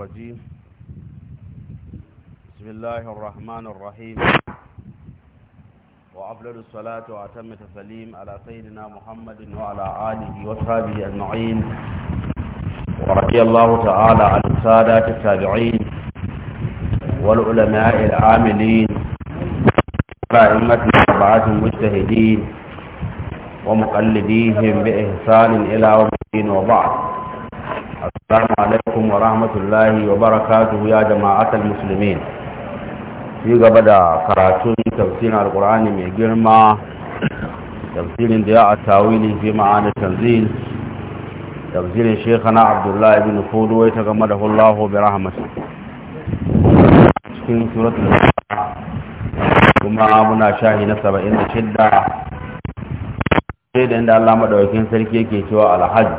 الرجيم بسم الله الرحمن الرحيم وأفضل الصلاة وأتم التسليم على سيدنا محمد وعلى آله وصحبه أجمعين ورضي الله تعالى عن السادة التابعين والعلماء العاملين وأئمة أربعة المجتهدين ومقلديهم بإحسان إلى يوم الدين وبعد السلام عليكم ورحمة الله وبركاته يا جماعة المسلمين في قبدا كراتون تفسير القرآن من جرمى تفسير ضياء التاويل في معاني التنزيل تفسير شيخنا عبد الله بن فود ويتغمده الله برحمته في سورة كما أبنا شاهي نسب إن شدة شدة عند الله مدعوكين سلكيكي سواء الحج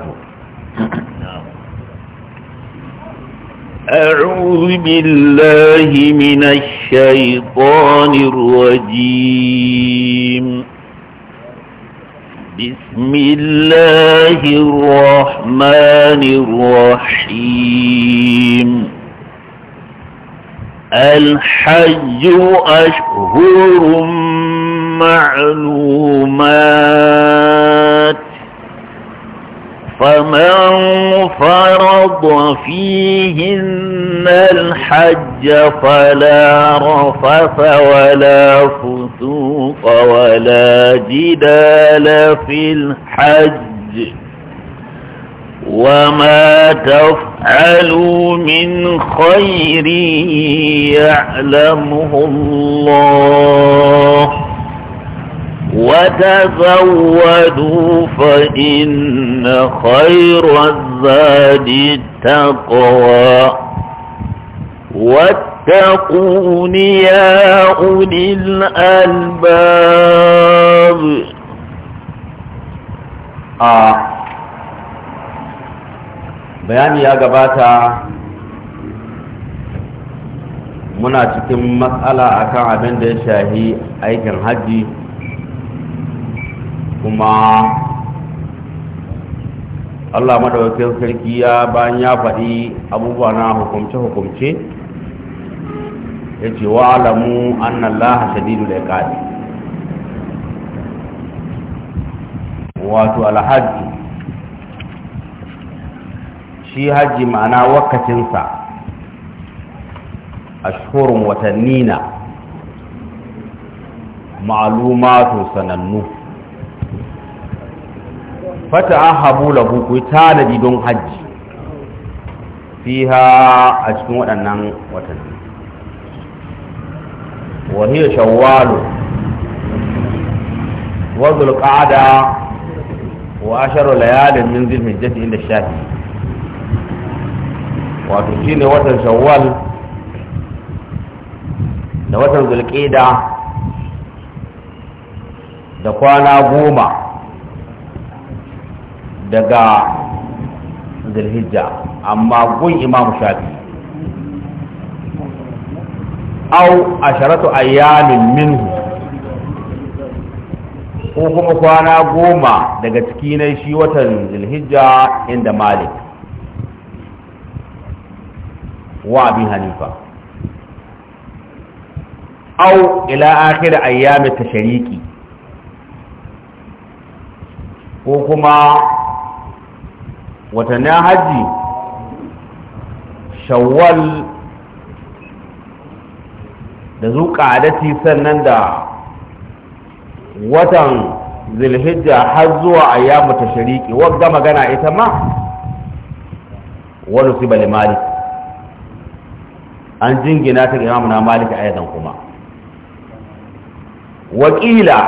أعوذ بالله من الشيطان الرجيم بسم الله الرحمن الرحيم الحج أشهر معلومات فمن فرض فيهن الحج فلا رفث ولا فسوق ولا جدال في الحج وما تفعلوا من خير يعلمه الله وتزودوا فإن خير الزاد التقوى واتقون يا أولي الألباب آه بيان يا قباتا منا تتم مسألة أكا عبند شاهي أيكا الحجي kuma Allah madawakin sarki ya bayan ya faɗi abubuwa na hukumce-hukumce ya ce wa alamu an Allah shadidu da ya wato alhaji shi hajji ma'ana wakacinsa a watanni na ma'alumatu sanannu fata ahabu lahu ku tanadi don hajji fiha a cikin waɗannan watanni wa hiya shawwal wa zulqa'ada wa asharu layalin min zulhijjati inda shafi wato shine watan shawwal da watan zulqa'ada da kwana goma daga zulhijja amma gun imam shafi au asharatu ayyamin minhu ko kuma kwana goma daga ciki na shi watan zulhijja inda malik wa abin hanifa au ila akhir ta tashariki ko kuma watannin hajji shawwal da zuƙadati sannan da watan zilhijja har zuwa ayyamu tashriqi wadda magana ita ma wani su bali malik an jingina ta imamu na malik ayatan kuma wakila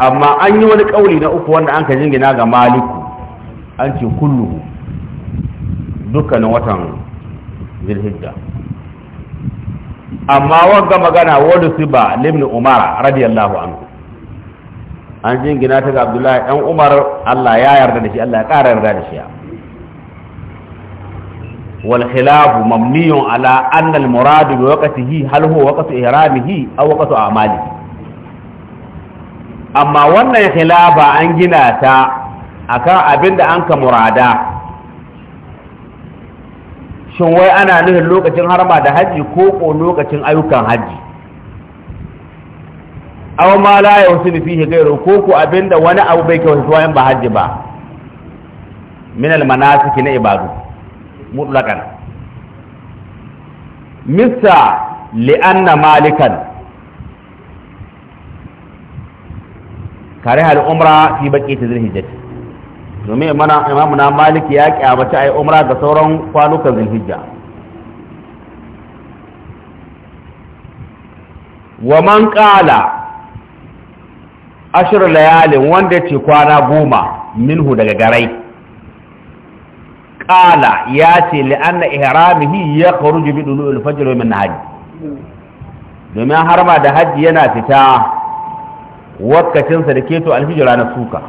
amma an yi wani kauli na uku wanda an ka jingina ga maliku an ce kulluhu dukkanin watan zilhijja amma wagga magana wadda su ba limni umara radiyallahu anhu an jingina ta ga abdullahi ɗan umar allah ya yarda da shi allah ya ƙara yarda da shi wal khilafu mamniyun ala anna al muradu bi waqtihi hal huwa waqtu ihramihi aw waqtu a'malihi amma wannan khilafa an gina ta akan abin da an ka murada shin wai ana nufin lokacin harma da hajji ko ko lokacin ayyukan hajji aw ma la yusin fihi ghayru ko ko abinda wani abu bai kai wasu wayan ba hajji ba min al manasik na ibadu mutlaqan misa li anna malikan kare hal umra fi baqiyati dhil hijjati domin imamu na maliki ya kyamata a yi umra ga sauran kwanukan zulhijja wa man kala ashir layalin wanda ce kwana goma minhu daga garai kala ya ce li'anna ihramihi ya kharuju bi dulul fajr min nahari domin harma da hajji yana fita sa da keto alhijra na suka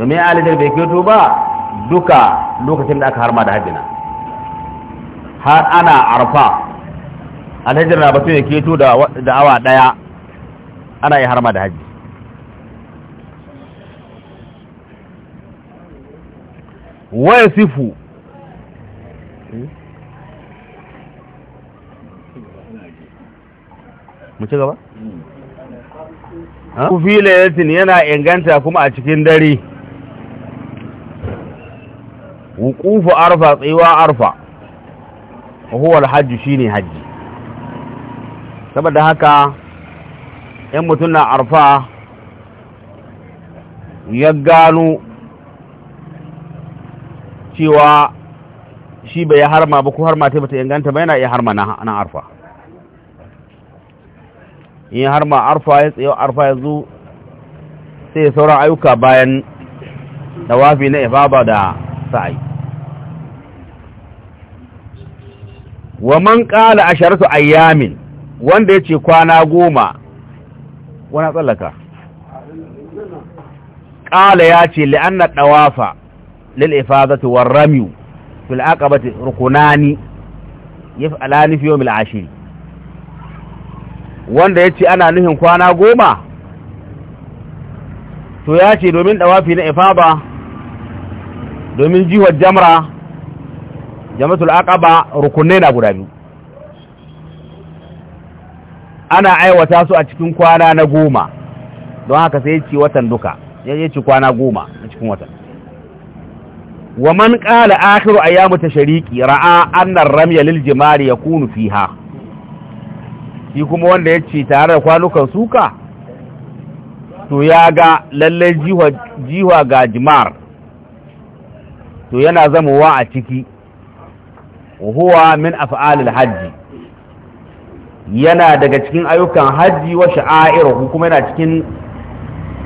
domin ali da bai kyoto ba duka lokacin da aka harma da hajjina har ana arfa alhajjar na batun ya keto da awa daya ana yi harma da hajji waya sifu mu ci gaba? kufi hmm. layatin yana inganta kuma a cikin dare Wukufu arfa tsayuwa arfa huwa alhajj shine hajji saboda haka yan mutum na arfa ya gano cewa shi bai harma ba ko harma taifata bata inganta ba yana iya harma na arfa in harma arfa ya tsaye arfa ya zo sai sauran ayyuka bayan dawafi na ifaba da sa'ai wa man ƙala a sharatu ayyamin wanda ya ce kwana goma wana tsallaka ƙala ya ce li'anna ɗawafa lil'ifazati wa ramiyu fil aqabati rukunani yaf'alani fi yawmil ashir wanda yace ana nuhin kwana goma to ya ce domin ɗawafi na ifaba domin jiwar jamra jama'atul aqaba rukunne na guda biyu ana aiwata su a cikin kwana na goma don haka sai ci watan duka ya ci kwana goma a cikin watan wa man qala akhiru ayyamu tashriqi ra'a anna ramya lil jimari yakunu fiha shi kuma wanda yace tare da kwanukan suka to ya ga lalle jiwa jiwa ga jimar to yana zamowa a ciki huwa min af'alil hajji yana daga cikin ayyukan hajji wa sha'a'iru kuma yana cikin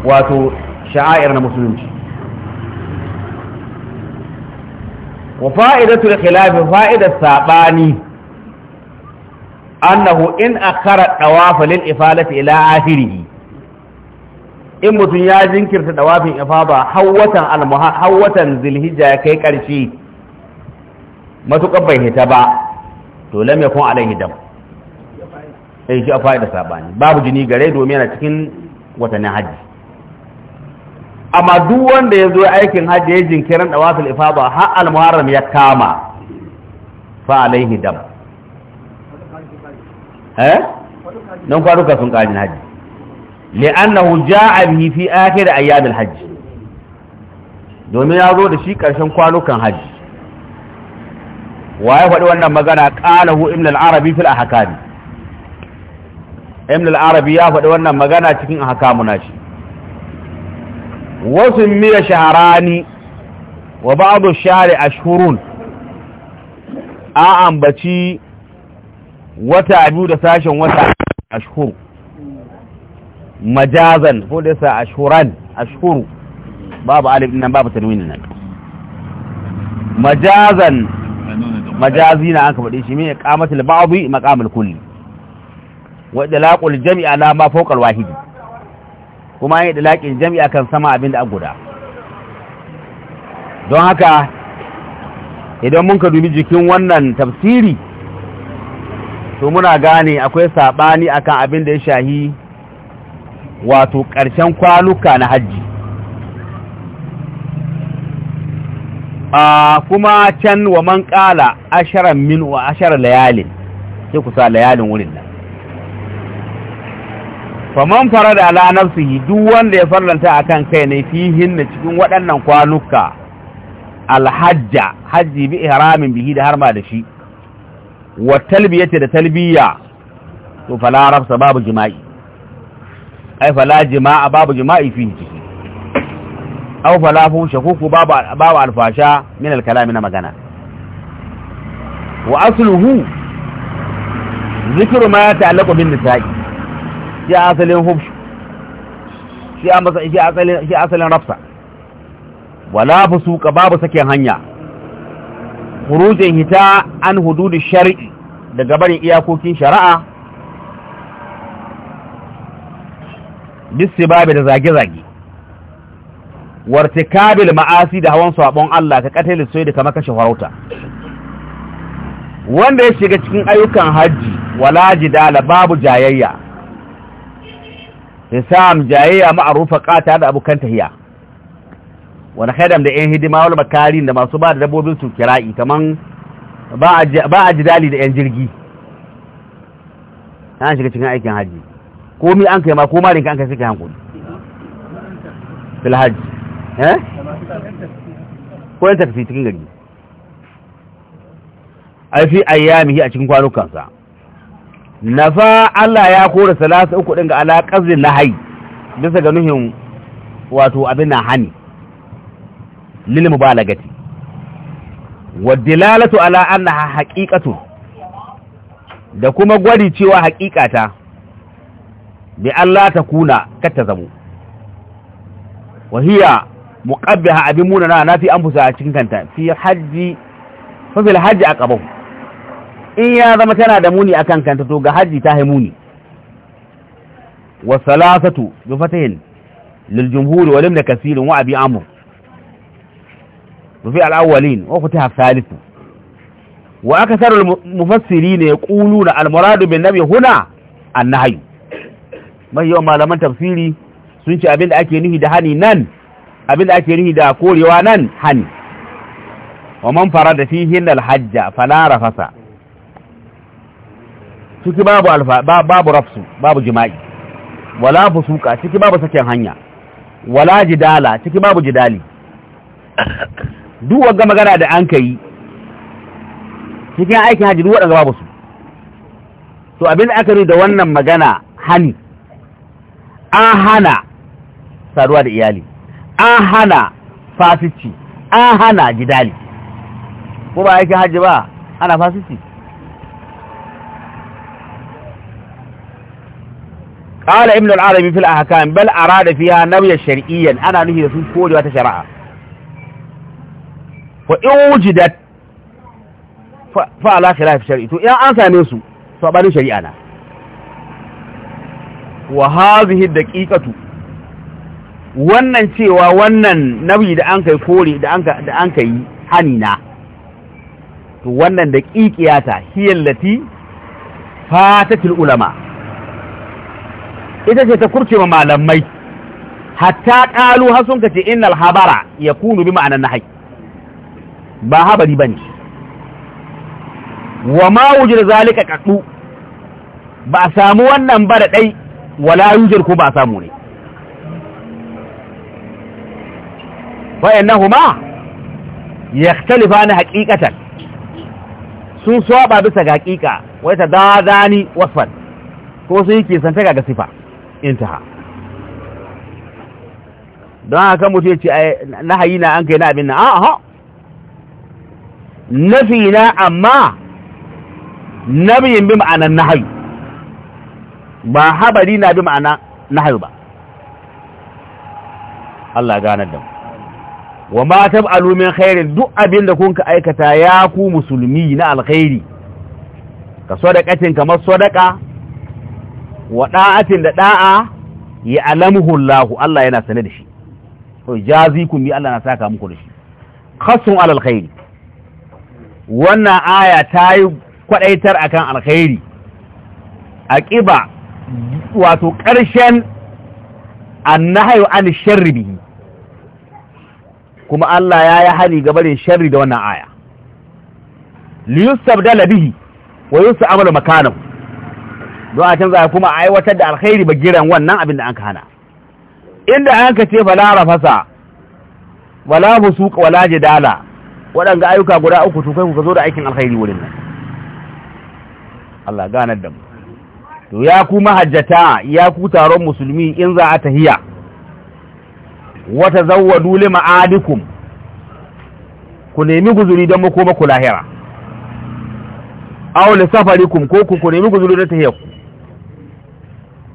wato sha'a'ir na musulunci wa fa'idatul khilafi fa'idar sabani annahu in akhara dawafa lil ifalati ila akhirih in mutum ya jinkirta dawafin ifada hawatan al hawatan zilhijja kai karshe matuƙar bai hita ba to lam yakun alaihi dam eh shi a fa'ida sabani babu jini gare domin yana cikin watannin haji amma duk wanda ya zo aikin haji ya jinkirin da wasul ifaba ha al-muharram ya kama fa alaihi dam eh nan kwaruka sun kajin haji li'annahu ja'a bihi fi akhir ayyam al-hajj domin ya zo da shi karshen kwanukan haji wa ya faɗi wannan magana qalahu ibn al-arabi fil ahkam ibn al-arabi ya faɗi wannan magana cikin ahkamuna shi wasu miya shaharani wa ba ba'adu share ashhurun a ambaci wata biyu da sashen wata ashhur majazan ko da yasa ashhuran ashhuru babu alif nan babu tanwin nan majazan majazi na an ka faɗe shi min iqamatul ba'dhi maqamul kulli wa idlaqul jami'a na ma fawqa al-wahid kuma yin idlaqin jami'a kan sama abin da guda don haka idan mun ka dubi jikin wannan tafsiri to muna gane akwai sabani akan abin da ya shahi wato ƙarshen kwaluka na hajji kuma can wa man ƙala asharar min wa asharar layalin sai ku sa layalin wurin nan faman fara da ala nafsihi duk wanda ya farlanta akan kai ne fihin na cikin waɗannan kwanuka alhajja hajji bi ihramin bihi da harma da shi wa talbiyata da talbiya to fala rafsa babu jima'i ai fala jima'a babu jima'i fihi aw fala shakuku babu alfasha min alkalami na magana wa asluhu zikru ma yata'allaqu bin nisa'i asalin shi a shi asalin shi asalin rafsa wala fusuka babu sakin hanya khurujin hita an hududi shar'i daga barin iyakokin shari'a bisibabi da zage-zage wartikabil ma'asi da hawan sabon Allah ka katalis sai da kama kashe farauta wanda ya shiga cikin ayyukan hajji wala jidala babu jayayya isam jayayya ma'rufa qata da abukan tahiya wani haidam da yan hidima wal makarin da masu ba da dabbobin su kira'i kaman ba a jidali da yan jirgi an shiga cikin aikin hajji komi an kai ma ko malinka an kai suka hankali fil haji Eh? ko yanta fi cikin gari ai fi ayyami a cikin kwanukansa fa Allah ya kora salasa uku ɗin ga alaƙazin nahayi bisa ga nuhin wato abin na hani lil wadda wadilalatu ala na haƙiƙatu da kuma gwadi cewa haƙiƙata bi Allah ta kuna katta zamu wahiya muqabbiha abin munana na fi anfusa a cikin kanta fi hajji fa fil hajji aqabahu in ya zama tana da muni akan kanta to ga hajji ta hai muni wa salasatu bi fatahin lil jumhur wa lam nakasir wa abi amr wa fi al awwalin wa fataha thalith wa akthar al mufassirin yaquluna al murad bin nabi huna an nahy mai yau malaman tafsiri sun ce abin da ake nufi da hani nan abin da ake rihi da korewa nan hani wa man farada fihin alhajja fala rafasa ciki babu alfa babu rafsu babu jima'i wala fusuka ciki babu sakin hanya wala jidala ciki babu jidali duk wanga magana da an kai cikin aikin hajji duk waɗanda babu su to abin da aka yi da wannan magana hani an hana saduwa da iyali an hana fasici an hana gidali ko ba yake haji ba ana fasici قال ابن العربي في الاحكام بل اراد فيها نوي شرعيا انا نهي رسو كوجه ta shar'a fa in wujidat fa ala khilaf shar'i to in an same su to bani shari'a na wa hadhihi daqiqatu wannan cewa wannan nabi da an kai kore da an kai hani na to wannan da ƙiƙiyata hiyallati fatatil ulama ita ce ta kurce ma malamai hatta ƙalu har sun kace innal habara ya kunu bi ma'anar nahai ba habari bane wa ma wujir zalika qaddu ba samu wannan ba da dai wala yujir ko ba samu ne huma wa'annahuma yaktalifani haqiqatan sun saba bisa ga haqiqa wai ta dadani wasfan ko sun ke santa ga sifa ha don haka mutu ya ce hayi na an kai na abin na a'a nafi na amma nabiyin bi ma'anan hayi ba habari na bi ma'ana na hayi ba Allah ganar da mu wa ma tab'alu min khairin duk abin da kunka aikata ya ku musulmi na alkhairi ka sadaqatin kamar sadaqa wa da'atin da da'a ya alamuhu Allah Allah yana sane da shi to jazikum bi Allah na saka muku da shi khassun alal khairi wannan aya ta yi kwadaitar akan alkhairi aqiba wato ƙarshen annahayu an sharri bihi kuma Allah ya yi hani ga barin sharri da wannan aya liyusab da labihi wa yusa amalu makanahu don a canza kuma a aiwatar da alkhairi bagiran wannan abin da an hana inda an ka ce fala rafasa wala fusuq wala jidala waɗanga ayyuka guda uku to kai ku ka zo da aikin alkhairi wurin nan Allah ganar da mu to ya ku mahajjata ya ku taron musulmi in za a tahiya wata zawwadu dule ma'adikum ku nemi guzuri don makoma ku lahira aw li safarikum ko ku nemi guzuri don tafiya ku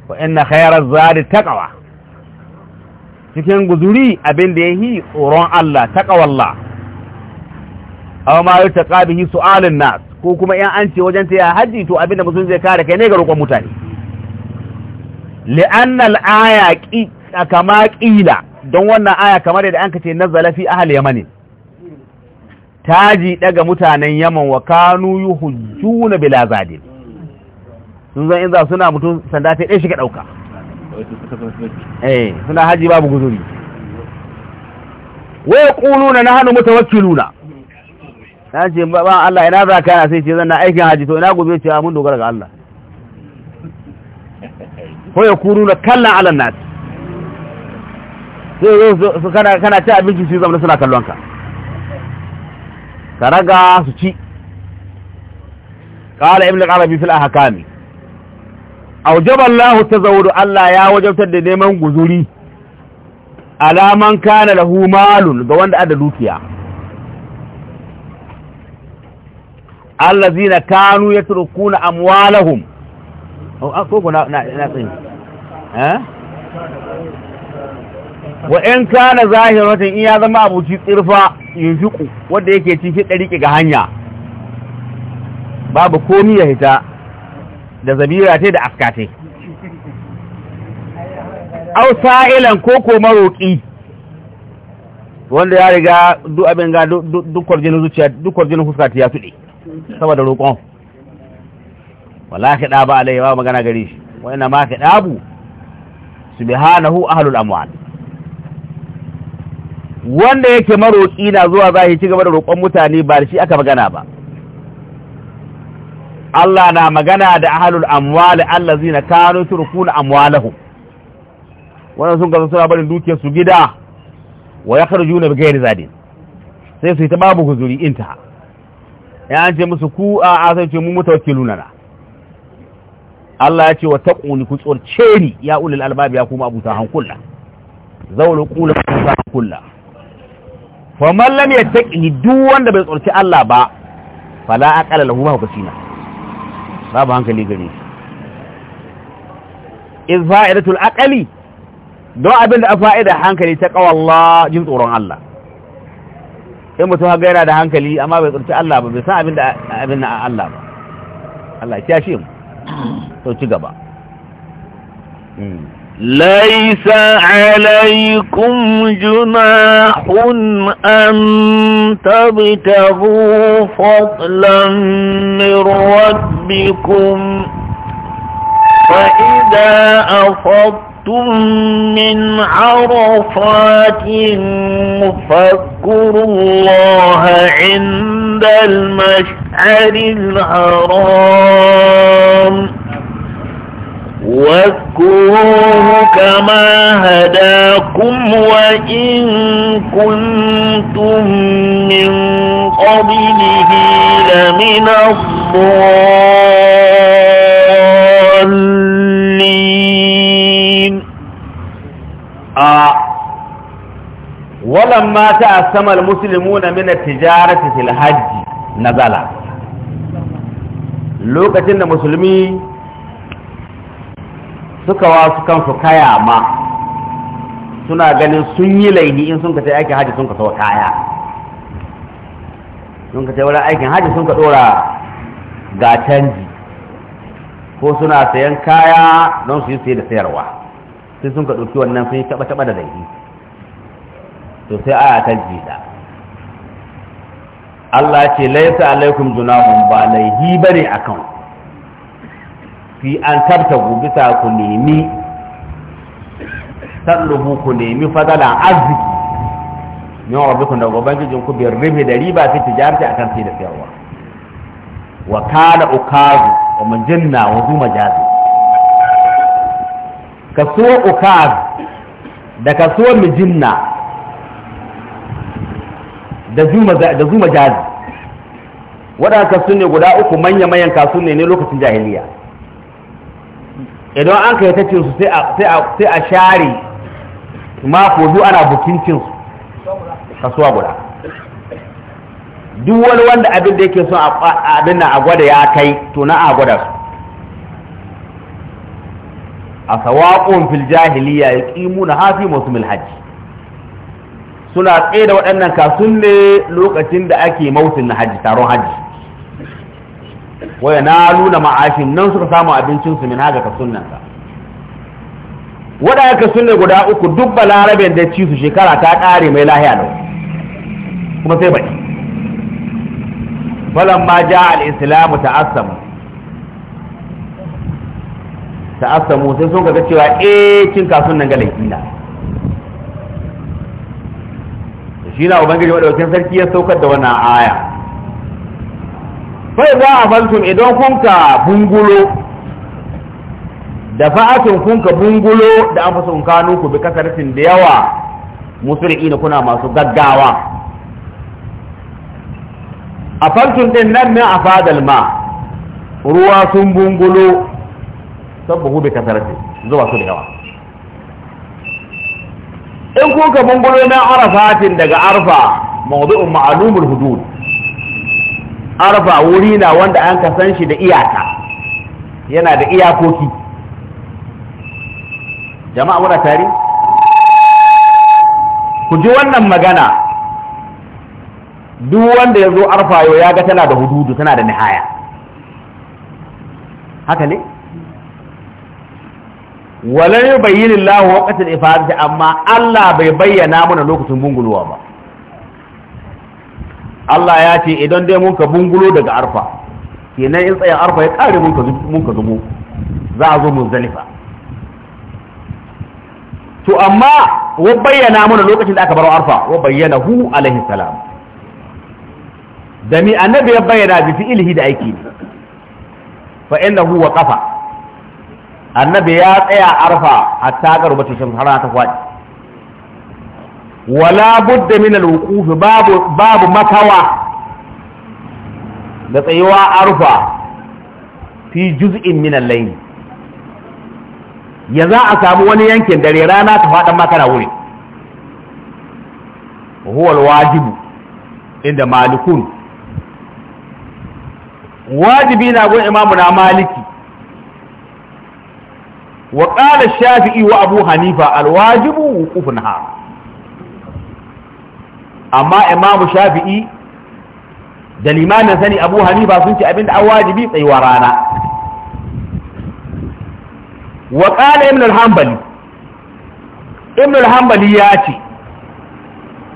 wa inna khayra zadi taqwa cikin guzuri abin da yahi tsoron Allah taqwallah aw ma yutaqa bihi su'alun nas ko kuma in an ce wajen taya haji to abin da mutum zai kare kai ne ga roƙon mutane li'anna al-aya kama ƙila don wannan aya kamar yadda an kace nazala fi ahli yamani taji daga mutanen yaman wa kanu yuhujjuna bila zadin sun zan inza suna mutum sanda ta ɗaya shi ka ɗauka eh suna haji babu guzuri wa yaquluna na hannu mutawakkiluna na ce ba Allah ina za ka sai ce zanna aikin haji to ina gobe ce ah, mun dogara ga Allah ko ya kallan alan nasi sai zo su kana kana ta abinci su zama suna kallon ka ka raga su ci qala ibn al-arabi fil ahkam awjaba Allah tazawwud Allah ya wajabtar da neman guzuri alaman kana lahu malun ga wanda ada dukiya allazina kanu yatrukuna amwalahum oh, ah, ko ko na na tsaye. eh wa in kana zahiratan in ya zama abuci tsirfa yunfiqu wanda yake cikin dariki ga hanya babu komi ya hita da zabira ta da askatai au sa'ilan ko ko maroki wanda ya riga duk abin ga duk kwarjinin zuciya duk fuska ta ya tude saboda roƙon wallahi da ba alai ba magana gare shi wa ina ma ka dabu subhanahu ahlul amwal wanda yake maroƙi na zuwa za ci gaba da roƙon mutane ba da shi aka magana ba Allah na magana da ahalul amwali zai na kanu na amwalahu wannan sun gaza suna barin dukiyar su gida wa ya karju na bigayar zadin sai su yi ta babu huzuri inta ya an ce musu ku a asan ce mu mutawakkilu lunana Allah ya ce wa ƙuni ku tsorce ni ya ulil albabi ya kuma abuta hankulla zawul qulu hankula wa man lam yattaqi duk wanda bai tsorci Allah ba fala aqala lahu ma hukasina babu hankali gare shi iz fa'idatul aqali do abinda a fa'ida hankali ta qawallah jin tsoron Allah in mutum ha gaira da hankali amma bai tsorci Allah ba bai san abinda abin Allah ba Allah ya shi mu to ci gaba mm ليس عليكم جناح أن تبتغوا فضلا من ربكم فإذا أفضتم من عرفات فاذكروا الله عند المشعر الحرام واذكروه كما هداكم وإن كنتم من قبله لمن الضالين آه. ولما تأسم المسلمون من التجارة في الحج نزل لوكة المسلمين suka wasu kansu kaya ma suna ganin sun yi laini in sun ka ta aikin haji sun ka sau kaya sun ka ta wurin aikin haji sun ka dora ga canji ko suna sayan kaya don su yi saye da sayarwa sai sun ka ɗauki wannan sun yi taɓa-taɓa da laini to sai aya ta jida Allah ce laisa alaikum junahun ba laihi bane akan ku fi an tabtagu bisa ku nemi sallubu ku nemi fadala arziki min rabbikum daga ubangijin ku biyar rufe da riba fi tijarati akan sai da sayarwa wa kana ukazu wa mujinna wa zuma jazi so ukaz da ka mijinna da zuma da zuma jazi waɗanda kasu ne guda uku manya-manyan kasu ne ne lokacin jahiliya idan an kai ta cinsu sai a share mako zu ana bukin su kasuwa guda duk wani wanda abin da yake son abin na a gwada ya kai to na a su a sawaƙon fil jahiliya ya ƙimu na hafi musulmin hajji suna tsaye da waɗannan kasun ne lokacin da ake mautin na hajji taron hajji na yanaluna ma'ashin nan suka samu abincin su min haka ka sunnan ka ka sunne guda uku duk Balarabe da ci su shekara ta kare mai lahiya lau kuma sai baki ma ja al'islamu ta'assamu ta'assamu sai sun ga cewa eh cin kasuwan nan ga laifi na shi na ubangiji madaukakin sarki ya saukar da wannan aya fai za a faltum idan kunka bungulo da fa'atun kunka bungulo da an fasa kanu ku bi kasarfin da yawa musulmi kuna masu gaggawa a faltum din nan ne a fadal ma ruwa sun bungulo sabbahu bi kasarfin zuwa su da yawa in kuka bungulo na arafatin daga arfa mawdu'un ma'lumul hudud arfa wuri na wanda an kasan shi da iyaka yana da iyakoki jama'a muna tare ku ji wannan magana duk wanda ya zo arfa yau ya ga tana da hududu tana da nihaya haka ne walar yi bayyinin lahu wakatar ifadati amma Allah bai bayyana mana lokacin bungulowa ba Allah ya ce idan dai mun ka bungulo daga arfa kenan in tsayin arfa ya kare mun ka zubo za a zo muzdalifa to amma wa bayyana mana lokacin da aka baro arfa wa bayyana hu alaihi salam da mi annabi ya bayyana bi fi'ilihi da aiki ne fa innahu waqafa annabi ya tsaya arfa hatta garbata shan har ta kwaɗi wala budda min alwuquf babu babu makawa da tsayuwa arfa fi juz'in min al-layl ya za a samu wani yankin dare rana ta fadan makara wuri huwa al-wajibu inda malikun wajibi na gun imamu na maliki wa qala shafi'i wa abu hanifa alwajibu wajibu wuqufun nahar amma imamu shafi'i da limamin sani abu hanifa sun ce abinda an wajibi tsayuwa rana wa qala ibn al-hanbali ibn al ya ce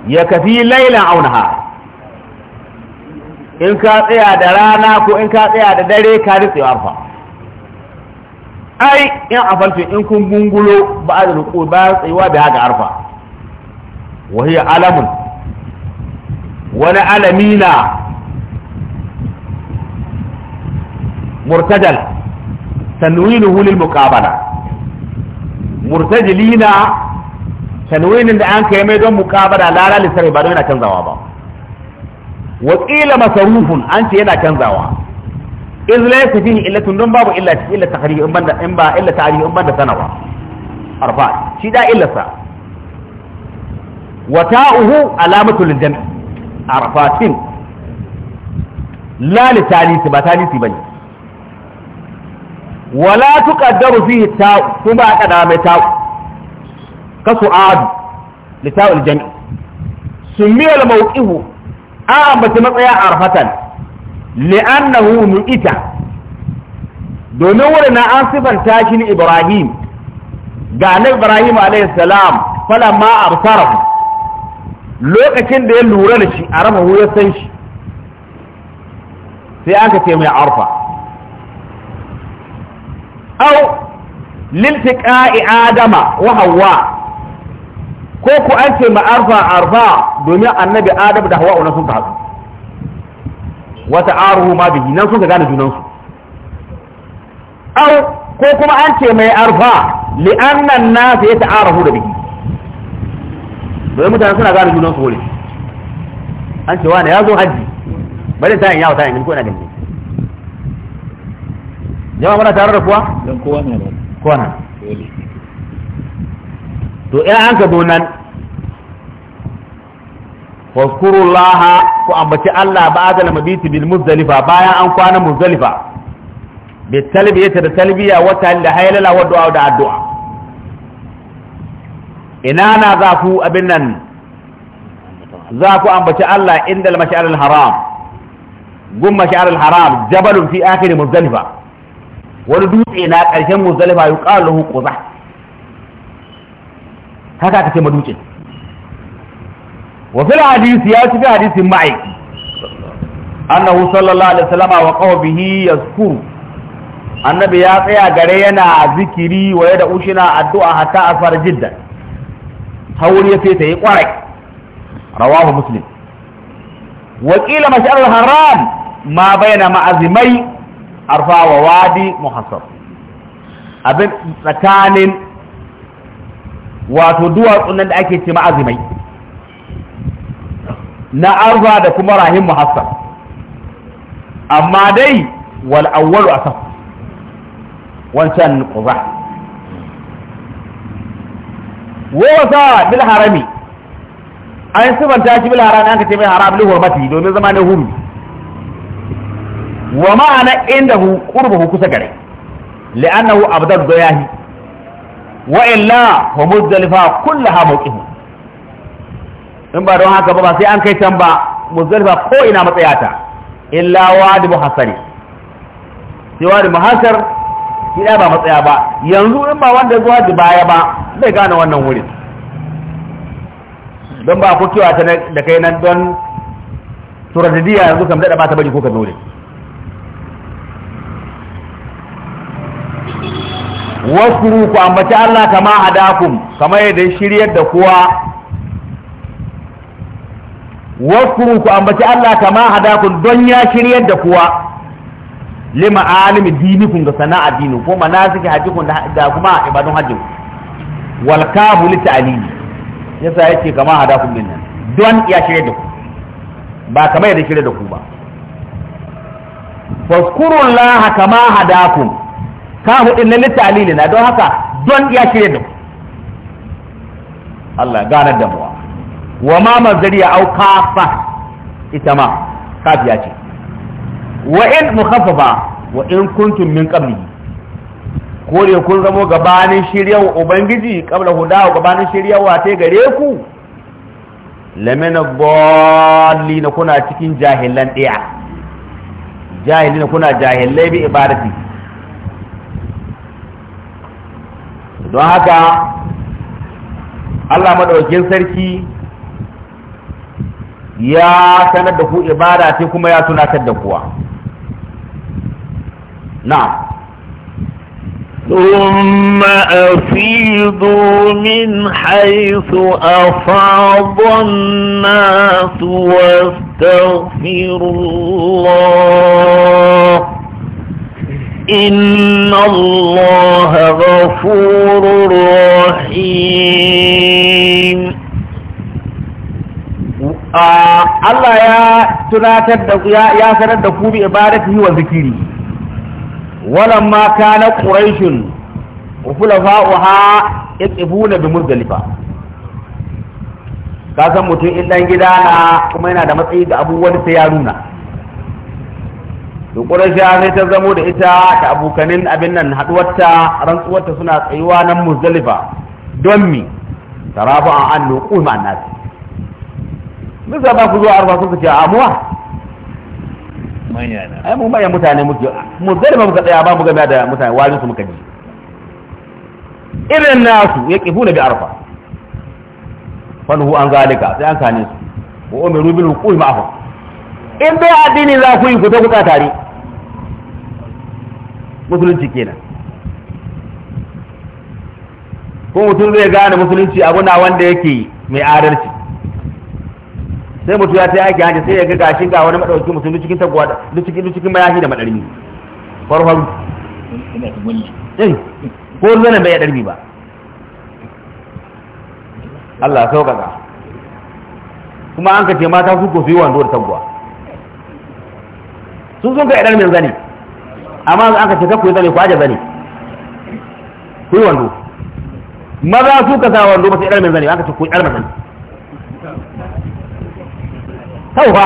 ya kafi lailan aunaha in ka tsaya da rana ko in ka tsaya da dare ka ritsewa arfa ai in afaltu in kun gungulo ba da ruku ba tsayuwa bai haka arfa wa hiya alamun wani alami na murtajal tanwinuhu lil muqabala na tanwinin da an kai mai don muqabala la la lisari ba don yana canzawa ba wa qila masarufun an ce yana canzawa iz laysa fihi illatun don babu illa illa tahrij in banda in ba illa ta'rif in banda sanawa arfa shi da illasa wata uhu alamatul jami' arafatin la li talisi ba talisi bane wala tuqaddaru fihi ta kuma aka da mai ta kasu adu li ta'ul jami' summi al mawqihu a ambata matsaya arfatan li'annahu nu'ita domin wurin na an sifanta shi ni Ibrahim ga na Ibrahim alayhi salam falamma absarahu lokacin da ya lura da shi a rama ya san shi sai aka ce mai arfa au liltiqa'i adama wa hawa ko ku an ce ma'arfa arfa arfa domin annabi adam da hawa'u nan sun ka haɗu wata aruhu ma bihi nan sun ka gane junansu au ko kuma an ce mai arfa li'annan nasu ya ta'arahu da bihi bai mutane suna gane junan su an ce wani ya zo hajji bari ta yin yawo ta yin ko ina gani jama'a mana tare da kuwa don kowa na da kowa na to ina an ka donan nan fazkurullaha ku ambaci Allah ba da mabiti bil muzdalifa bayan an kwana muzdalifa bi talbiyata da talbiya wata da haylala wa du'a da addu'a ina na za ku abin nan za ku ambaci Allah inda al-mash'ar al-haram gun mash'ar al-haram jabalun fi akhir muzdalifa wani dutse na karshen muzdalifa yuqalu lahu quza haka aka ce ma dutse wa fil hadisi ya ci hadisin ma'aiki annahu sallallahu alaihi wasallam wa qawa bihi yazkuru annabi ya tsaya gare yana zikiri wa ya da ushina addu'a hatta asfar jiddan hauri ya fita ya kwarai rawahu muslim wakila mashar haram ma bayana ma'azimai arfa wa wadi muhassar abin tsakanin wato duwatsun nan da ake ce ma'azimai na arfa da kuma rahim muhassar amma dai wal awwalu asaf wancan quba wasa bil harami an sifanta shi bil harami an kace mai haram li hurmati domin zama na hurmi wa ma'ana inda indahu qurbuhu kusa gare li'annahu abdad zayahi wa illa fa muzdalifa kullaha mawqihu in ba don haka ba sai an kai can ba muzdalifa ko ina matsayata illa wadi muhassari sai wadi muhassar shi da ba matsaya ba yanzu in ba wanda zuwa da baya ba zai gane wannan wurin don ba ku kiwa ta da kai nan don turadidiyya yanzu kam daɗa ba ta bari ko ka nore wasu ku ambaci Allah kama dakun kama yadda shiryar da kuwa wasu ku ambaci Allah kama dakun don ya shiryar da kuwa lima alimi dini kun ga sana'a dini ko haji kun da kuma ibadun hajjin wal kafu li ta'lili yasa yace kama hadakum nan don ya shirye da ku ba kamar yadda shirye da ku ba fazkurullaha kama hadakum kafu din li ta'lili na don haka don ya shirye da ku Allah ganar da mu wa ma mazariya au kafa ita ma kafiya ce wa in mukhaffafa wa in kuntum min qabli ko da kun zamo gabanin shiryawa ubangiji qabla huda gabanin shiryawa ta gare ku lamina na kuna cikin jahilan daya jahilina kuna jahilai bi ibadati don haka Allah madaukakin sarki ya sanar da ku ibada sai kuma ya tunatar da kuwa نعم ثم أفيضوا من حيث أفاض الناس واستغفروا الله إن الله غفور رحيم آه، الله يا تناتد يا يا سند بإبادته وذكره ولما كان قريش وخلفاؤها يقفون بمزدلفة kasan mutum in dan gida na kuma yana da matsayi ga abubuwan sai ya nuna dukurar sai ta zamo da ita da abokanin abin nan haduwarta rantsuwarta suna tsayuwa nan muzdalifa don mi tarafa an an nuqu ma bisa ba ku zo arba ku ce amuwa ai mu manyan mutane muke mu zai ba muka tsaya ba mu game da mutane warin su muka ji irin nasu ya kifu da bi arfa fanhu an zalika sai an kane su wa umiru bil huquq ma'ahu in bai addini za ku yi ku ta kuka tare musulunci kenan ko mutum zai gane musulunci abu na wanda yake mai adalci sai mutum ya ta yaki haji sai ya ga gashin ga wani madauki mutum duk cikin taguwa duk cikin duk cikin mayafi da madarmi farfaru eh ko zanen bai darbi ba Allah sauƙaƙa kuma an ka ce mata su ko su yi wando da taguwa sun sun ka idan min zane amma an ka ce ka koyi zane ku aje zane ku yi wando maza su ka sa wando ba sai idan min zane an ka ce ku yi min zane tauba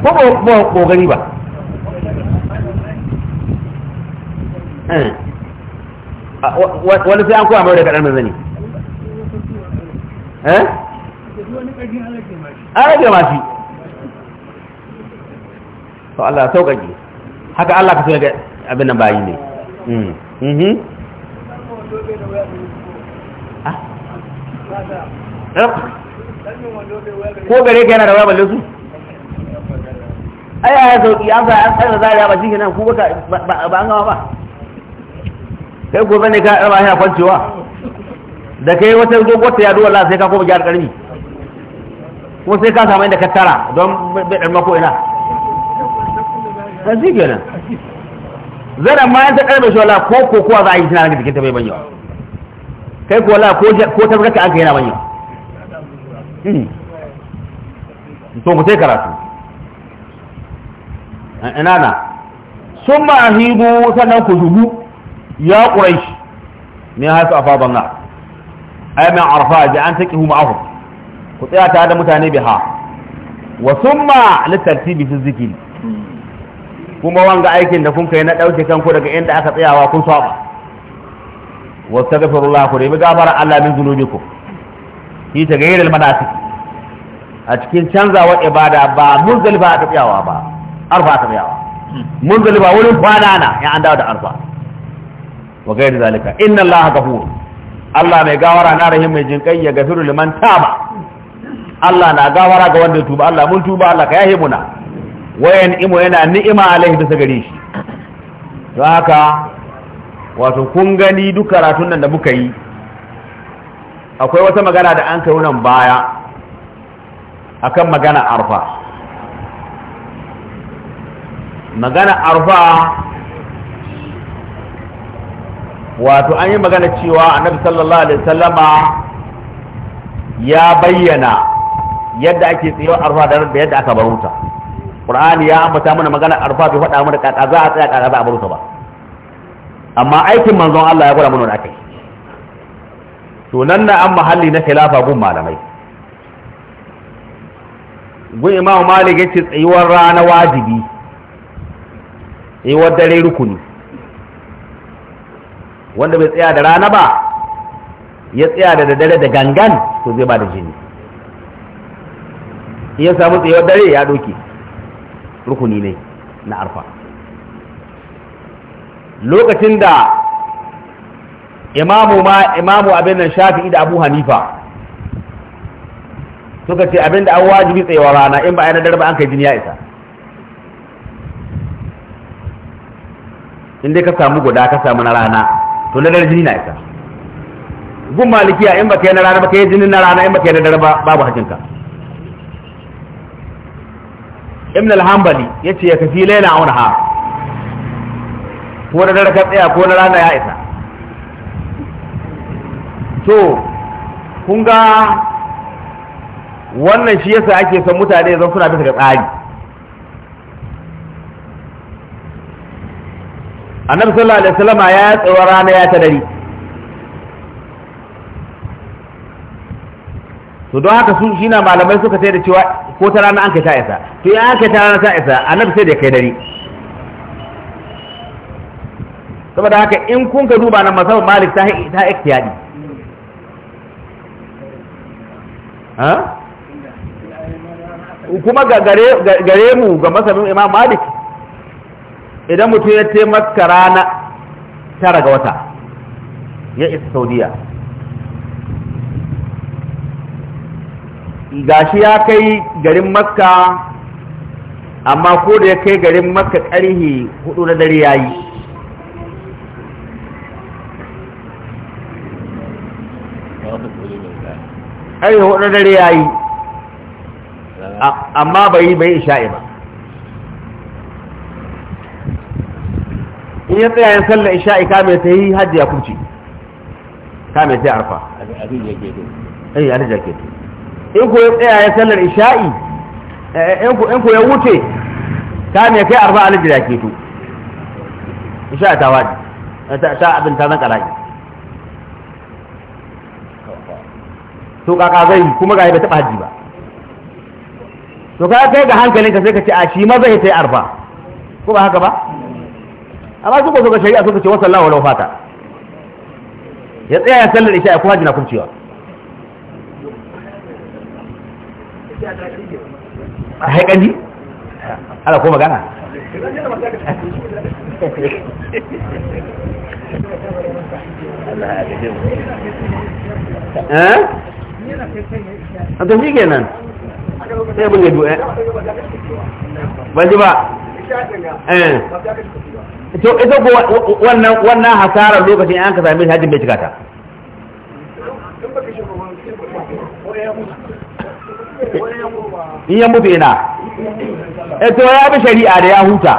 ko ba kokari ba eh. wani sai an koya mai da kaɗan da zane eh? an rage mafi to Allah sauƙaƙi haka Allah ka sauƙaƙi abin nan bayi ne mhm ko gare ka yana da waya balle su ai ya sauki an sa an tsaya zariya ba shi nan ku baka ba an gama ba kai gobe ne ka raba ya kwancewa da kai wata gogota ya duwala sai ka koma gyara karni ko sai ka samu inda ka tara don bai dan mako ina ta gena zara ma yan ta karbe shi wala ko ko kuwa za a yi tunanin da kike ta bai banyo kai ko wala ko ta zaka an kai yana banyo Hmm. to mu sai karatu ina na sun ma ahibu sannan ku zubu ya shi ne a afadan na a min arfa ji an taqihu ma'ahu ku tsaya ta da mutane biha wa summa litartibi fi zikri kuma wanga aikin da kun kai na ɗauke kanku daga inda aka tsayawa kun saba wasu ta gafirullah ku bi gafara Allah min ku shi ta gairar manasiki a cikin canzawar ibada ba munzalifa a tafiyawa ba arfa a tafiyawa munzalifa wurin kwana na ya an dawo da arfa wa gairi zalika inna Allah ghafur Allah mai gawara na rahim mai jinkai ya gafiru liman taba Allah na gawara ga wanda tuba Allah mun tuba Allah ka yahe muna wayan imo yana ni'ima alaihi bisa gare shi don haka wato kun gani duk karatun nan da muka yi akwai wata magana da an kai nan baya akan magana arfa magana arfa wato an yi magana cewa annabi sallallahu alaihi sallama ya bayyana yadda ake tsayo arfa da yadda aka baruta ƙur'ani ya ambata mana magana arfa bai faɗa mana ƙaƙa za a tsaya ƙaƙa za a baruta ba amma aikin manzon Allah ya gwada mana da aka yi to nan na an mahalli na khilafa gun malamai gun imamu malik ya ce tsayuwar rana wajibi tsayuwar dare rukuni wanda bai tsaya da rana ba ya tsaya da dare da gangan to zai ba da jini ya samu tsayuwar dare ya doke rukuni ne na arfa lokacin da imamu ma imamu abin nan shafi'i da abu hanifa suka ce abin da an wajibi tsayawa rana in ba a na ba an kai jini ya isa in dai ka samu guda ka samu na rana to na dare jini na isa gun malikiya in ba ka yi na rana ba ka yi jini na rana in ba ka yi na darba babu hakinka ibn al-hanbali yace ya kafi laila aunha ko na dare ka tsaya ko na rana ya isa to kun ga wannan shi yasa ake son mutane zan suna bisa ga tsari annabi sallallahu alaihi wasallama ya tsawa rana ya ta dare to don haka su shi na malamai suka sai da cewa ko ta rana an kai ta isa to ya kai ta rana ta isa annabi sai da kai dare saboda haka in kun ka duba nan masal malik ta ta ikhtiyari ha kuma ga gare mu ga masanin imam malik idan mutum ya taimaka rana tara ga wata ya isa saudiya gashi ya kai garin makka amma ko da ya kai garin makka karihi hudu na dare ya yi ƙarfe hudu dare ya yi amma bai yi bai isha'i ba in ya tsayayen sallar isha'i kame ta yi hajji ya kurci kame ta yi arfa ai alija ke in ko ya tsayayen sallar isha'i eh, in ko ya wuce kame kai arfa alija ke to isha'i ta waje eh, ta abin ta zan ƙara'i to kaka zai yi kuma ga bai taba haji ba to ka kai ga hankalin ka sai ka ce a shi ma zai sai arba ko ba haka ba amma su ko suka shari'a suka ce wa sallahu walau fata ya tsaya ya sallar isha ko haji na kubcewa a haikali ala ko magana eh a to shi kenan sai mun ga du'a ba ji ba eh. to ita ko wannan hasarar lokacin an ka same shi bai ta in ya mutu ina eto eh, ya bi shari'a da ya huta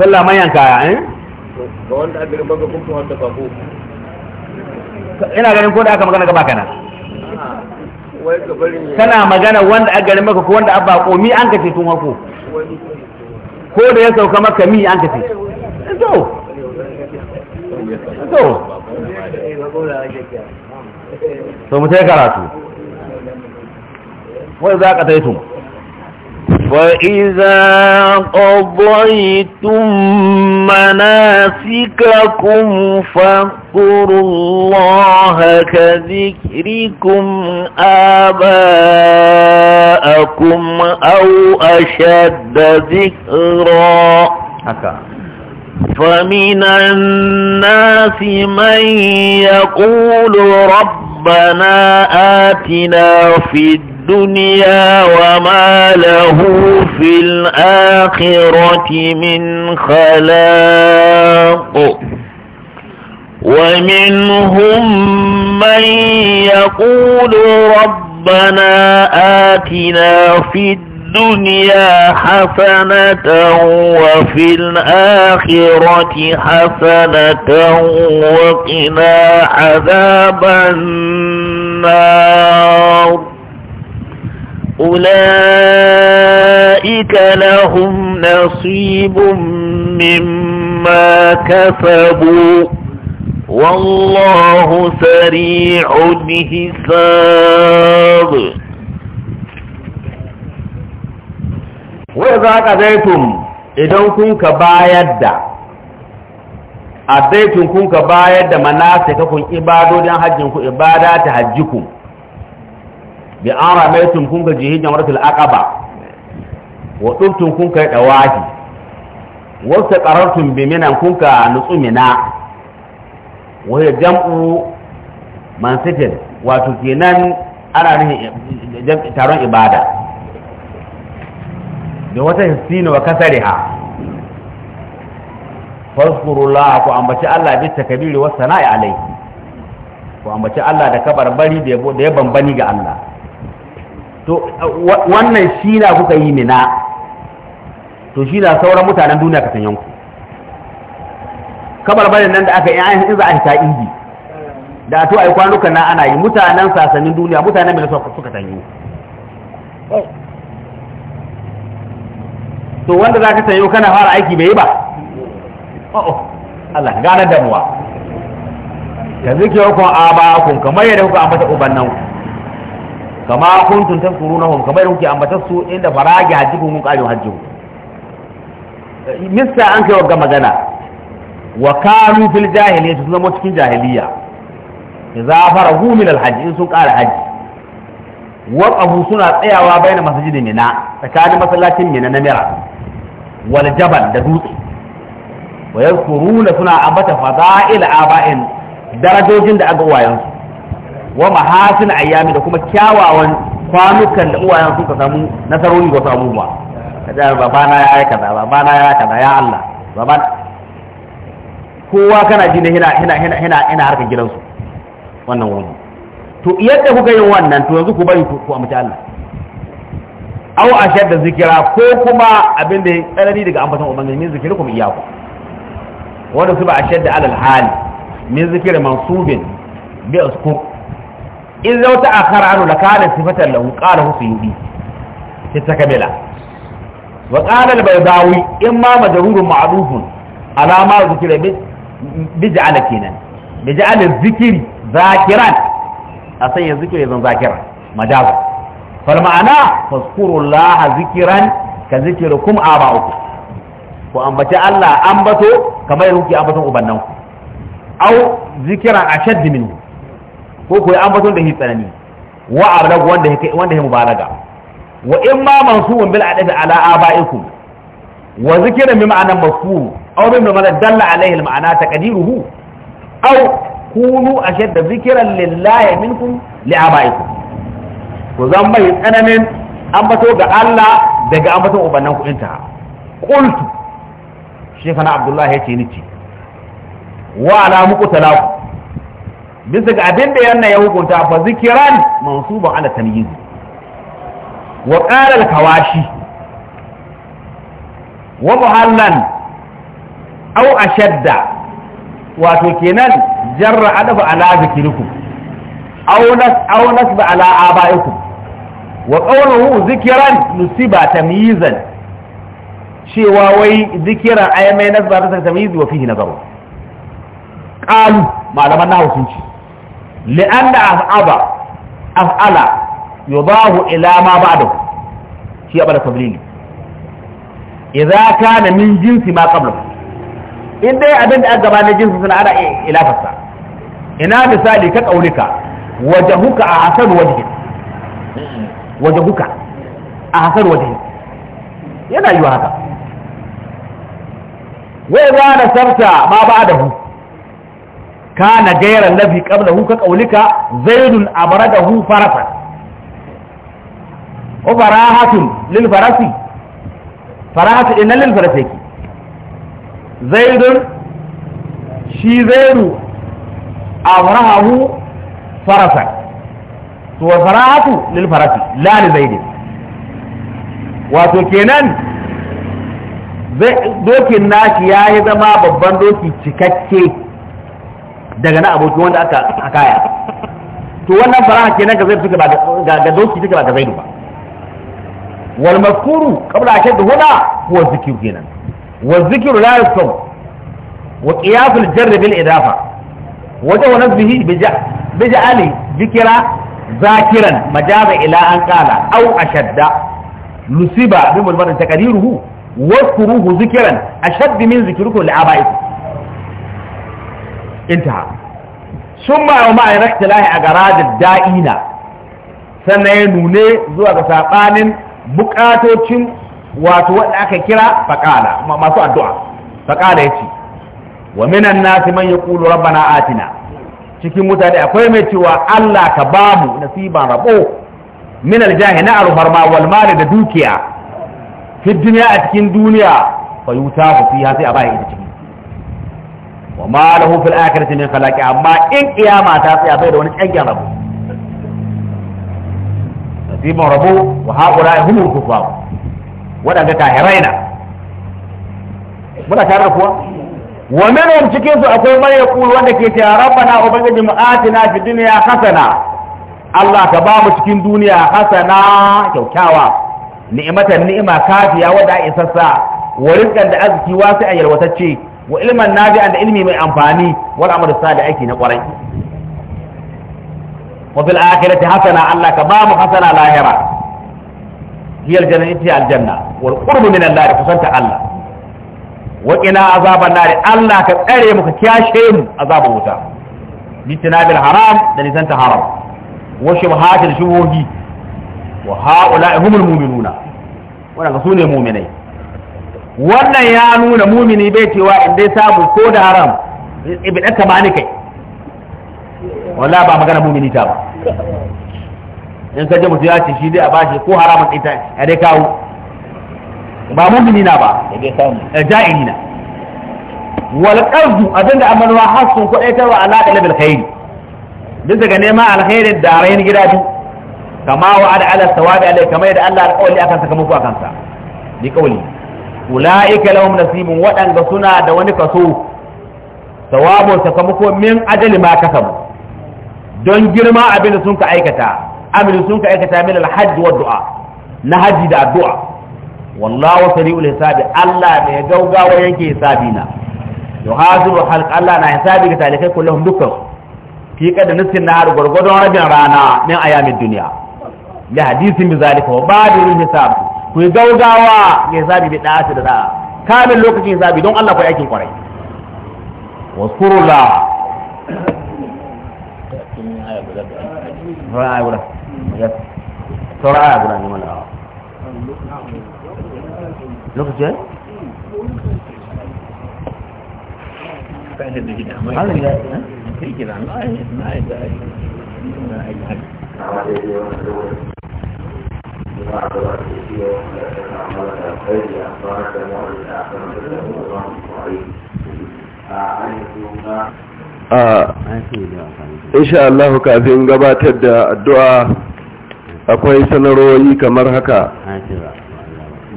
sallama yanka eh ga wanda baga ina ganin ko da aka magana gaba kana. kana magana wanda aka garin maka ko wanda abba ko mi an kace tun hako. ko da ya sauka maka mi an kace to to to mu sai karatu wai za ka taitu فإذا قضيتم مناسككم فانتم اذكروا الله كذكركم آباءكم أو أشد ذكرا فمن الناس من يقول ربنا آتنا في الدنيا وما له في الآخرة من خلاق ومنهم من يقول ربنا آتنا في الدنيا حسنة وفي الآخرة حسنة وقنا عذاب النار أولئك لهم نصيب مما كسبوا والله سريع الحساب وإذا قضيتم idan kun ka bayar da abaitun kun ka bayar da manasika kun ibadodin hajjin ibada ta hajjiku bi an ramaitun kun ka jihi jamaratul aqaba wa kun ka dawahi wasu qarartum bi minan kun ka wahiyar jam'u mansitin wato kenan ana nufin taron ibada da wata hissina wa kasariha fazkurullah ku ambaci Allah bi takbiri wa sana'i alaihi ku ambaci Allah da kabarbari da yabo da yaban ga Allah to wannan shi na kuka yi mina to shi na sauran mutanen duniya ka san kabar barin nan da aka yi ainihin za a hita inji da to ai kwanuka na ana yi mutanen sasannin duniya mutanen mai suka tanyi to wanda za ka tanyo kana fara aiki bai yi ba oh, oh, Allah gane damuwa ka zike hukun kun kamar yadda kuka ambata nan kama na tafkurunahum kamar yadda kuke ambata su inda faragi hajjikun kun kalin hajji. Eh, mista an kai wa magana wa kanu fil jahiliya sun zama cikin jahiliya idza farahu min Alhaji in sun ƙara haji. wa abu suna tsayawa bayan masjidin mina tsakanin masallacin mina na mira wal jabal da dutse wa yadhkuruna suna ambata fada'il aba'in darajojin da aga uwayensu wa mahasin ayyami da kuma kyawawan kwanukan da uwayen suka samu nasarori samu ba? kada babana ya aika kaza babana ya kaza ya Allah babana kowa kana ji na hina harkar gidansu wannan wani to yadda kuka yi wannan to yanzu ku bari ku amince Allah aw shadda zikira ko kuma abin da tsanani daga ambaton ubangiji min iya ku wanda su ba a shadda alal hali min zikir mansubin bi askur in zau ta akhara anu la kana sifatan lahu qala hu sayyidi ta kamila wa qala al baydawi imma majrurun ma'rufun alama zikira bi bija'ala kenan bija'ala zikiri zakiran a sanya zikiri zan zakira majaza fal ma'ana fazkurullaha zikiran ka zikirukum uku. ku ambaci Allah ambato kamar yadda kuke ambaton ku au zikiran ashadd min ko ku ambaton da shi tsanani wa ablag wanda yake wanda yake mubalaga wa imma mansubun bil adabi ala abaikum wa zikira bi ma'anan mafhum aw bin ta dalla alaihi al-ma'ana taqdiruhu aw kunu ashadda dhikran lillahi minkum li'abaikum ku zan bai tsananin ambato ga Allah daga ambaton ubannan ku inta qultu shekana abdullahi yace ni ce wa ala muqtalaku bisa ga abin da yanna ya hukunta fa zikiran mansuban ala tamyiz wa ƙarar al-kawashi wa muhallan au ashadda wato kenan jarra adafa ala zikirikum au nas au nasba ala abaikum wa qawluhu zikran nusiba tamyizan cewa wai zikiran ay mai nasba ta tamyiz wa fihi nazaru Ƙalu, malaman nahu sun ce li'anna af'aba af'ala yudahu ila ma ku shi abada tablili idza kana min jinsi ma qablahu in dai abin da aka gaba na jinsu suna ana ilafarsa ina misali ka ƙaunika waje huka a wajen, waje huka a hasan wajen? yana yiwa haka wai za na sarta ma ba da hu kana gairan nabi qabla hu ka kaulika zaidun abradahu farasan wa farahatun lil farasi farahatu ina lil farasi zaidun shi zaidu amrahu farasan to wa farahatu lil farasi lali li wato kenan dokin nashi ya yi zama babban doki cikakke daga na abokin wanda aka kaya to wannan faraha kenan ga zaidu ba ga doki suka ba ga zaidu ba walmaskuru kabla a ashad huda kuwa zikru kenan والذكر لا يصوم وقياس الجر بالإضافة وجه نسبه بجعل ذكر ذاكرا مجاز إلى أن قال أو أشد نصيب بمجمد تقديره واذكروه ذكرا أشد من ذكركم لآبائكم انتهى ثم ومع اختلاف أغراض الدائين sannan ya nune zuwa ga saɓanin bukatocin wato wanda aka kira faqala masu addu'a faqala yace wa minan nasi man yaqulu rabbana atina cikin mutane akwai mai cewa Allah ka bamu nasiban rabo min aljahi na arfar ma wal mali da dukiya fi duniya a cikin duniya fa yuta ku fi sai a bai ita ciki wa ma lahu fil akhirati min khalaqi amma in kiyama ta sai a bai da wani tsaggen rabo nasiban rabo wa haƙura humul kufar waɗanda kahirai na muna tare kuwa wa minhum cikin su akwai mai ya wanda ke cewa rabbana ubangiji mu atina fi dunya hasana Allah ka ba mu cikin duniya hasana kyaukyawa ni'imatan ni'ima kafiya wanda a isassa wa rizqan da arziki wasu a yalwatacce wa ilman nafi'an da ilmi mai amfani wal amru da aiki na kwarai wa fil akhirati hasana Allah ka ba mu hasana lahira hiyar janna aljanna wal qurbu min Allah da kusanta Allah wa qina azaban nar Allah ka tsare mu ka kiyashe mu azaban wuta bitinabil haram da nisanta haram wannan su ne mu'minai wannan ya nuna mu'mini bai cewa in dai samu ko da haram ibn ni kai wala ba magana mu'mini ta ba in ka ji mutum ya ce shi dai a bashi ko haramun ita ya dai kawo ba mumini na ba ya eh, ja'iri na wal qardu abinda amalwa hasun ko ai tarwa ala ilal khairi bisa ga neman alkhairin da rayin gida biyu kama wa ada ala sawabi alai kama yadda Allah alƙawli akan saka muku akan sa bi qawli ulaika lahum nasibun wadanga suna da wani kaso sawabu sakamako min ajali ma kasabu don girma abin da sun ka aikata amilu sun ka aikata min alhajj wa du'a na haji da addu'a wallahu sari'ul hisabi Allah ne gaugawa yake hisabi na yuhaziru halq Allah na hisabi ga talikai kullum dukkan fi kada nisfin nahar gurgudun rabin rana min ayamin duniya da hadisin bi zalika wa ba'da hisab ku gaugawa ga hisabi bi da'ati da da'a kamin lokacin hisabi don Allah ku aikin kwarai waskurullah ra'ayi ya saura aya guda ne awa lokacin insha Allah kafin gabatar da addu'a akwai sanarwoyi kamar haka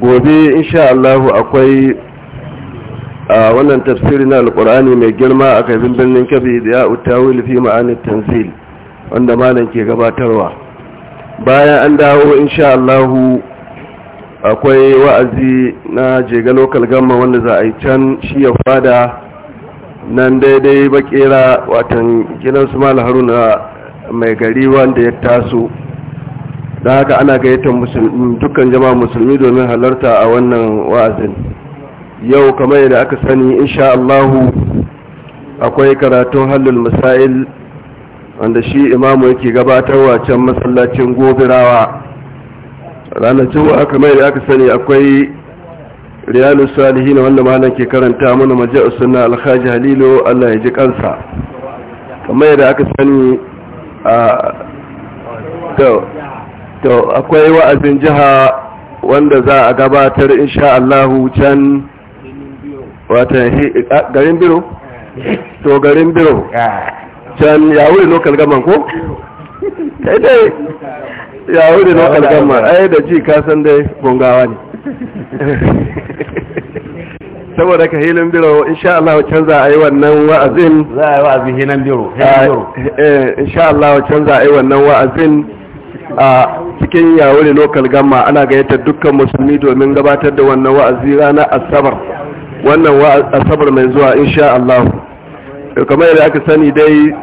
gobe insha Allah akwai a wannan tafsiri na alkur'ani mai girma a kafin birnin kabi da ya utawo fi ma'anin tanzil wanda malam ke gabatarwa bayan an dawo insha Allah akwai wa'azi na jega local gamma wanda za a yi can shi ya fada nan daidai bakera watan gidan su haruna mai gari wanda ya taso da haka ana gayyatar dukkan jama'a musulmi domin halarta a wannan wa'azin yau kamar yadda aka sani insha Allahu akwai karatun halin masail wanda shi imamu yake gabatarwa can masallacin gobirawa ranar juma'a kamar yadda aka sani akwai riyalu salihin wanda malam ke karanta mana maja'u sunna alhaji halilu Allah ya ji kansa kamar yadda aka sani a to akwai wa'azin jiha wanda za a gabatar insha Allahu can watan garin biro to garin biro can ya wuri local gaman ko? kai dai ya wuri local gaman ai da ji kasan dai gungawa ne saboda ka hilin biro insha Allah can za a yi wannan wa'azin za a yi wa'azin hilin biro eh, insha Allah can za a yi wannan wa'azin a cikin yawuri local gama ana gayyatar dukkan musulmi domin gabatar da wannan wa'azi ranar asabar wannan asabar mai zuwa insha Allah kamar yadda aka sani dai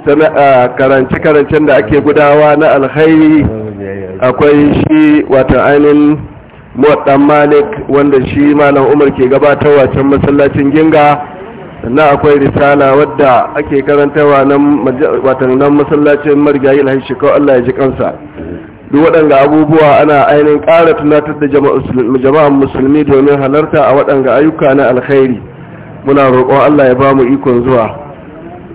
karance-karancen da ake gudawa na alkhairi akwai shi wata ainihin muwaddan malik wanda shi malam umar ke gabatarwa can masallacin ginga sannan akwai risala wadda ake karantawa nan masallacin marigayi alhashi ko Allah ya ji kansa duk waɗanda abubuwa ana ainihin ƙara tunatar da jama'an musulmi domin halarta a waɗanda ayyuka na alkhairi muna roƙon Allah ya ba ikon zuwa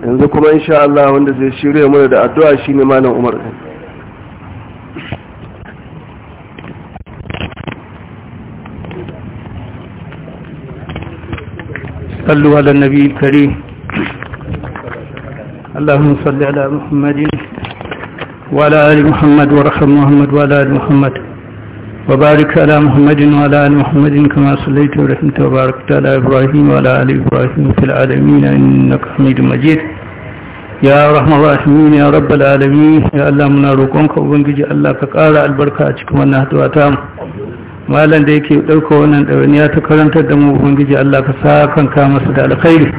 yanzu kuma insha Allah wanda zai shirya mana da addu'a shine malam Umar صلوا اللهم صل على محمد وعلى آل محمد ورحم محمد وعلى آل محمد وبارك على محمد وعلى آل محمد كما صليت ورحمت وباركت على إبراهيم وعلى آل إبراهيم في العالمين إنك حميد مجيد ya rahman rahimin ya rabbal alamin ya Allah muna roƙonka ubangiji Allah ka ƙara albarka a cikin wannan haduwa malam da yake ɗauka wannan ɗawainiya ta karantar da mu ubangiji Allah ka sa kanka masa da alkhairi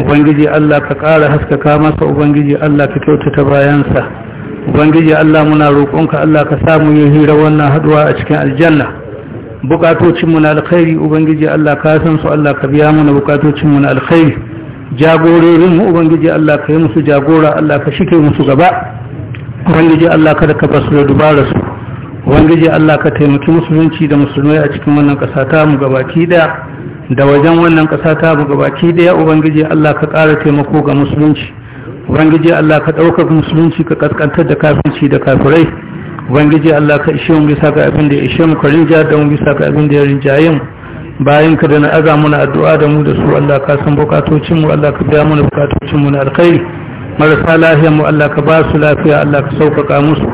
ubangiji Allah ka ƙara haskaka masa ubangiji Allah ka kyautata bayansa ubangiji Allah muna roƙonka Allah ka samu yin hira wannan haduwa a cikin aljanna bukatocinmu na alkhairi ubangiji Allah ka san su Allah ka biya mana bukatocinmu na alkhairi jagororinmu ubangiji Allah ka yi musu jagora Allah ka shike musu gaba ubangiji Allah kada ka basu da dubara su ubangiji Allah ka taimaki musulunci da musulmai a cikin wannan ƙasa ta mu gabaki daya da wajen wannan ƙasa ta mu gabaki daya ubangiji Allah ka ƙara taimako ga musulunci ubangiji Allah ka ɗaukar musulunci ka ƙasƙantar da kafirci da kafirai ubangiji Allah ka ishe mu bisa ga abin da ya ishe mu ka rinja da mu bisa ga abin da ya rinja yin bayan ka da na aza muna addu'a da mu da su Allah ka san bukatocin mu Allah ka biya mana bukatocin mu na alkhairi marasa lafiya mu Allah ka ba su lafiya Allah ka sauƙaƙa musu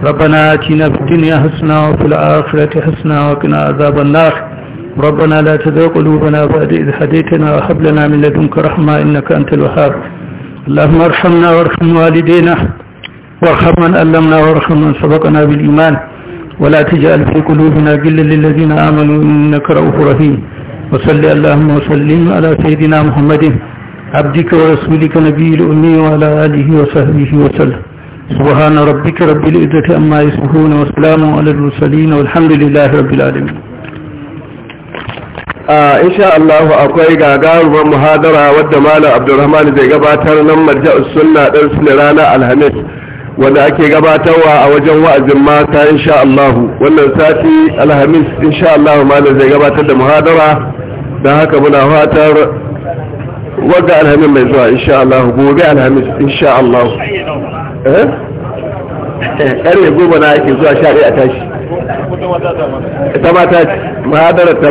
ربنا آتنا في الدنيا حسنة وفي الآخرة حسنة وقنا عذاب النار ربنا لا تذوق قلوبنا بعد إذ هديتنا وهب لنا من لدنك رحمة إنك أنت الوهاب اللهم ارحمنا وارحم والدينا وارحم من ألمنا وارحم من سبقنا بالإيمان ولا تجعل في قلوبنا جلا للذين آمنوا إنك رؤوف رحيم وصل اللهم وسلم على سيدنا محمد عبدك ورسولك نبي الأمي وعلى آله وصحبه وسلم سبحان ربك رب العزة أما يصفون وسلام على المرسلين والحمد لله رب العالمين insha Allah akwai gagarumar muhadara wadda malam Abdulrahman zai gabatar nan marja'us sunna dan sunna rana Alhamis wanda ake gabatarwa a wajen wa'azin mata insha Allah wannan sati Alhamis insha Allah malam zai gabatar da muhadara dan haka muna fatar wadda Alhamis mai zuwa insha Allah gobe Alhamis insha Allah eh ƙarfe goma na ake zuwa sha a tashi ita ma ta ci muhadarar